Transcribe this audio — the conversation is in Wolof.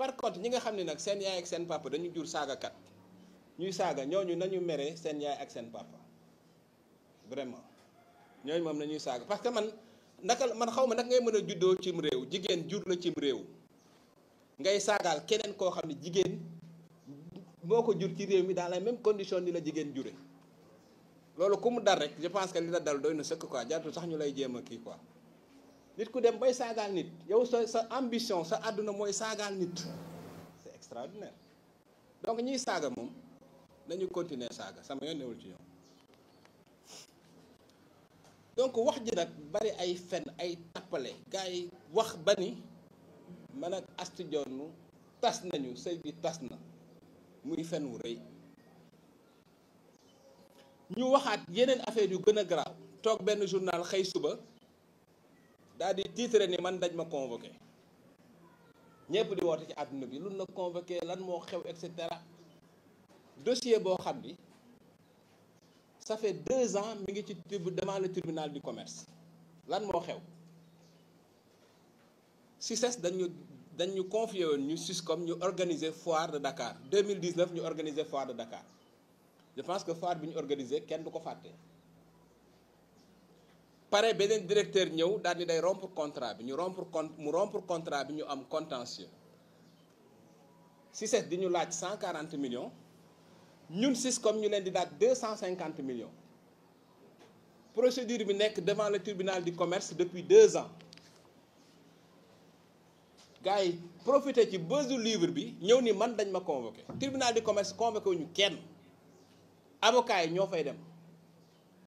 par contre ñi nga xam ne nag seen yaay ak seen papa dañu jur saagakat ñuy saaga ñooñu nañu mere seen yaay ak seen papa vraiment ñooñu moom nañuy saaga parce que man naka man xaw ma naka ngay mën a juddoo cim réew jigéen jur la cim réew ngay saagaal keneen koo xam ne jigéen moo ko jur ci réew mi dans la même condition ni la jigéen jure loolu ku mu dar rek je pense que li la dal doy na sëkk quoi jartu sax ñu lay jéem a kii quoi nit ku dem bay saagaal nit yow sa sa ambition sa àdduna mooy saagaal nit c'est extraordinaire donc ñiy saaga moom dañu continuer saaga sama yoon newul ci ñoom donc wax ji nag bari ay fen ay tàppale gars wax ba ni man ak Astou Dione tas nañu sëy bi tas na muy fen wu rëy ñu waxaat yeneen affaire yu gën a garaaw toog benn journal xëy suba daal di titre ni man dañ ma convoqué ñëpp di woote ci àdduna bi lu la convoqué lan moo xew et cetera dossier boo xam ni ça fait deux ans mi ngi ci devant le tribunal du commerce lan moo xew CICES dañu dañu confié woon ñu suscom ñu organiser foire de Dakar 2019 ñu organiser foire de Dakar je pense que foire bi ñu organiser kenn du ko fàtte. pare beneen directeur ñëw daal ni day rompre contrat bi ñu rompre con mu rompre contrat bi ñu am contentieux CICES di ñu laaj cent quarante millions ñun Siscom ñu leen di laaj deux cent cinquante millions procédure bi nekk devant le tribunal di commerce depuis deux ans gars yi profité ci besu livre bi ñëw ni man dañ ma convoqué tribunal di commerce convoqué ñu kenn avocat yi ñoo fay dem